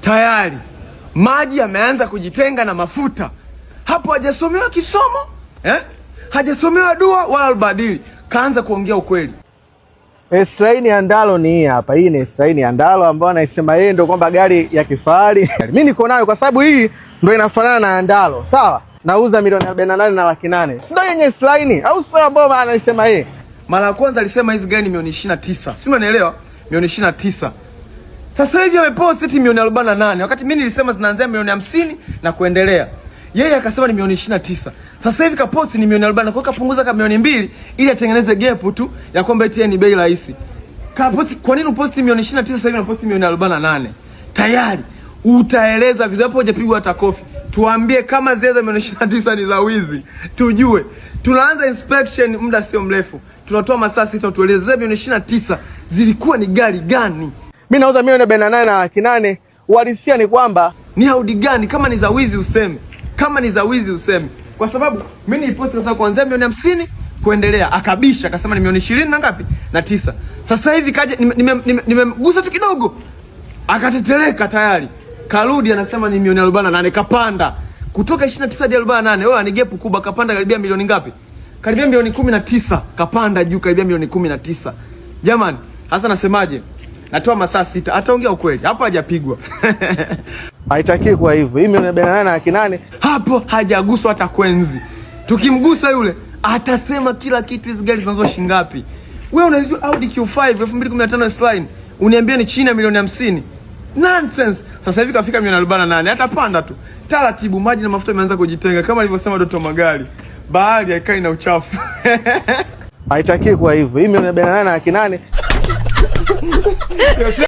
tayari maji yameanza kujitenga na mafuta. Hapo hajasomewa kisomo eh? hajasomewa dua wala albadili, kaanza kuongea ukweli. Esraini ya Ndalo ni hii hapa. Hii ni Esraini ya Ndalo ambayo anaisema yeye ndo kwamba gari ya kifahari mi niko nayo kwa sababu hii ndo inafanana na Ndalo, sawa? Nauza milioni arobaini na nane na laki nane, sindo yenye Esraini au sio? Ambayo anaisema yeye mara ya kwanza alisema hizi gari ni milioni 29, si unanielewa? Milioni na tisa. Sasa hivi amepewa seti milioni 48 wakati mimi nilisema zinaanzia milioni 50 na kuendelea. Yeye akasema ni milioni 29. Sasa hivi kaposti ni milioni 40 kwa kapunguza kama milioni mbili ili atengeneze gap tu ya kwamba eti ni bei rahisi. Kaposti kwa nini uposti milioni 29 sasa hivi unaposti milioni 48? Tayari utaeleza vizuri hapo hujapigwa hata kofi. Tuambie kama zile za milioni 29 ni za wizi. Tujue. Tunaanza inspection muda sio mrefu. Tunatoa masaa sita tueleze milioni 29 zilikuwa ni gari gani? mi nauza milioni arobaini na nane na laki nane. Uhalisia ni kwamba ni haudi gani? Kama ni za wizi useme, kama ni za wizi useme, kwa sababu mimi niliposti sasa kuanzia milioni hamsini kuendelea akabisha, akasema ni milioni ishirini na ngapi na tisa. Sasa hivi kaja nimemgusa nime, nime, nime tu kidogo akatetereka tayari, karudi anasema ni milioni arobaini na nane kapanda kutoka 29 hadi 48. Wewe ni gap kubwa, kapanda karibia milioni ngapi? Karibia milioni kumi na tisa kapanda juu karibia milioni kumi na tisa Jamani, hasa nasemaje? natoa masaa sita, ataongea ukweli hapo, hajapigwa haitakii kuwa hivyo. Hii milioni arobaini na nane na laki nane hapo hajaguswa hata kwenzi. Tukimgusa yule atasema kila kitu. Hizi gari zinazo shilingi ngapi? Wewe unajua Audi Q5 2015 S-Line uniambia ni chini ya milioni hamsini? Nonsense. Sasa hivi kafika milioni arobaini na nane, atapanda tu taratibu. Maji na mafuta imeanza kujitenga, kama alivyosema Doto Magari, bahari haikai na uchafu haitakii kuwa hivyo. Hii milioni arobaini na nane na laki nane ya sen